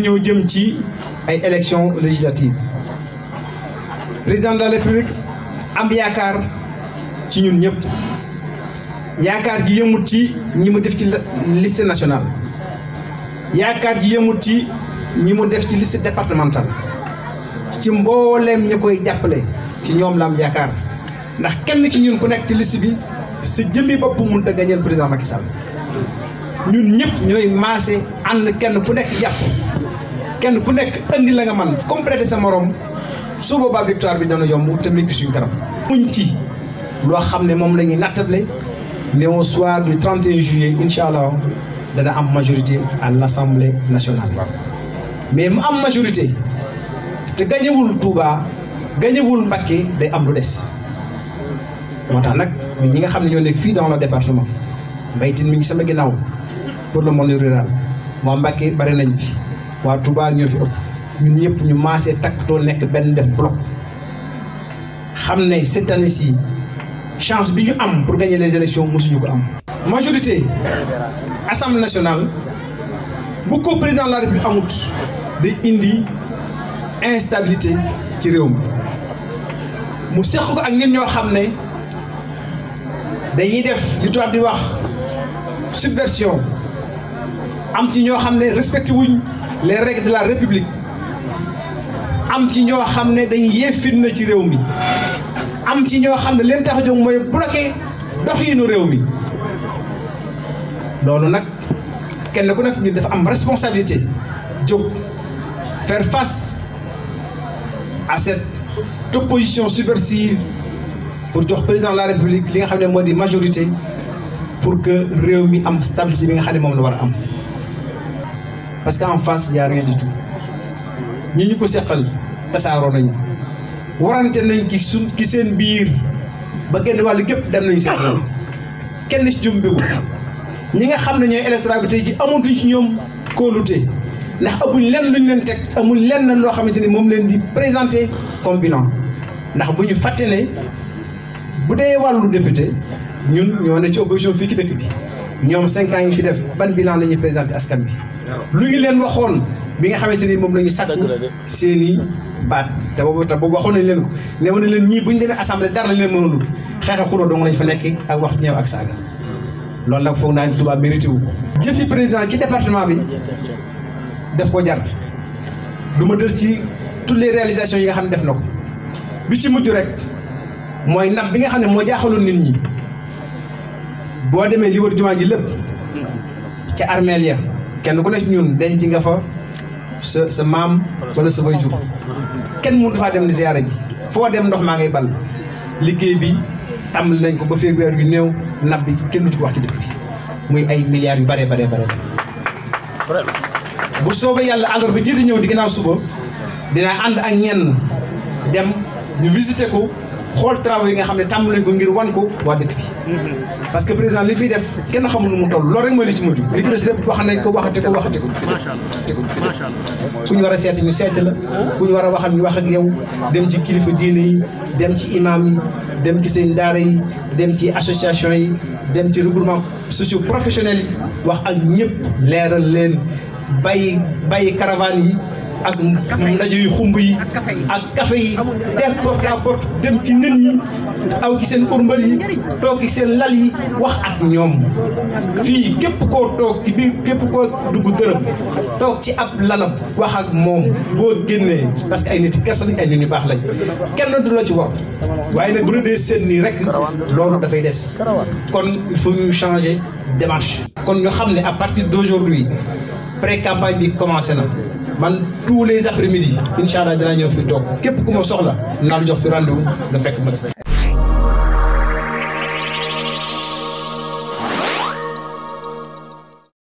dañoo jëm ci ay élections législatives président de la république am yaakaar ci ñun ñëpp yaakaar ji yëmut ci ñi mu def ci liste nationale yaakaar ji yëmut ci ñi mu def ci liste départementale ci mbooleem ñu koy jàppale ci ñoom la am yaakaar ndax kenn ci ñun ku nekk ci liste bi si jëmmi bopp mënut a gañeel président Macky ñun ñëpp ñooy maase ànd kenn ku nekk jàpp kenn ku nekk andi la nga man complété sa morom su boobaa victoire bi dana yomb te mi ngi suñu kanam. muñ ci loo xam ne moom lañuy ñuy nattable ne au soir du 31 juillet incha allah dana am majorité à l' assemblée nationale. mais mu am majorité te gañewul Touba gañewul Mbacké day am lu des moo tax nag ñi nga xam ne ñoo nekk fii dans le département mbaytin mi ngi sama ginnaaw pour le monde rural moo Mbacké bari nañ fi. waa Touba ñoo fi ëpp ñun ñëpp ñu maasee too nekk benn def bloc xam ne cette année ci chance bi ñu am pour gagner les élections mosuñu ko am. majorité assemblée nationale bu ko président amut day indi instabilité ci réew mi mu seq ko ak nit ñoo xam ne dañuy def li tubaab di wax subversion am ci ñoo xam ne respecté wuñ. les règles de la république am ci ñoo xam ne dañuy yee fitna ci réew mi am ci ñoo xam ne leen tax a jóg mooy bloqué doxinu réew mi loolu nag kenn ku nekk ñu dafa am responsabilité jóg faire face à cette opposition subversive pour jox président de la république li nga xam ne moo di majorité pour que réew mi am stabilité bi nga xam ne moom la war a am. parce qu'en face il y a ñi ñu ko seqal tasaaroo nañu warante nañ ki suñ ki seen biir ba genn wàll gépp dem nañu seen kenn ci jumbiwul ñi nga xam ne ñooy électorat bi tey amatuñ ci ñoom kóolute ndax amuñ lenn luñ leen teg amuñ lenn loo xamante ni moom leen di présenté comme bilan ndax bu ñu fàtte ne bu dee wàllu député ñun ñoo ne ci opposition fii ci dëkk bi ñoom cinq ans yi fi def ban bilan la ñuy présenté askan bi lu ñu leen waxoon bi nga xamante ni moom la ñu sàkku seen i baat te boobu te boobu waxoon nañ leen ko ne woon nañ leen ñii bu ñu demee assemblée dara leen mënoon xeex a xuloo dong lañ fa nekk ak wax ñëw ak saaga loolu nag foog naa ni Touba mérité wu ko jëfi président ci département bi def ko jar du ma dër ci toutes les réalisations yi nga xam ne def na ko bi ci mujj rek mooy nab bi nga xam ne moo jaaxaloon nit ñi boo demee li wër jumaa ji lépp ca armeel ya kenn ku nekk ñun denc nga fa sa sa maam wala sa waajur kenn mënut faa dem di ziyaara ji foo dem ndox maa ngi bal liggéey bi tàmbali nañ ko ba feeg weer yu néew nab bi kenn du ci wax ci dëkk bi muy ay milliards yu bare bare bare bu soobee yàlla alors bi jiitu ñëw di ginnaaw suba dinaa ànd ak ñenn dem ñu visité ko xool travaux yi nga xam ne tàmbali nañ ko ngir wan ko waa dëkk bi. parce que président li fiy def kenn xamul nu mu toll loolu rek mooy li ci mujj. li ci des ko wax a ko waxati ko waxati war a seet ñu seet la. ku ñu war a waxal ñu wax ak yow dem ci kilifa diine yi dem ci imam yi dem ci seen daara yi dem ci association yi dem ci regroupement socio professionnel yi wax ak ñëpp leeral leen bàyyi bàyyi caravane yi. ak ndaje yu xumb yi ak kafe yi def porte dem ci nit ñi aw ci seen urmbal yi toog ci seen lal yi wax ak ñoom fii képp koo toog ci biir képp koo dugg dërëm toog ci ab lalam wax ak moom boo génnee parce que ay nit kersa lañ ay nit ñu baax lañ kenn du la ci war waaye nag bu la dee seen nii rek loolu dafay des kon il ñu changer démarche kon ñu xam ne à partir d'aujourd'hui pré-campagne bi commencé na man tous les après midi incha allah dinaa ñëw fi toog képp ku ma soxla naa la jox fi rendez-vous nga fekk ma.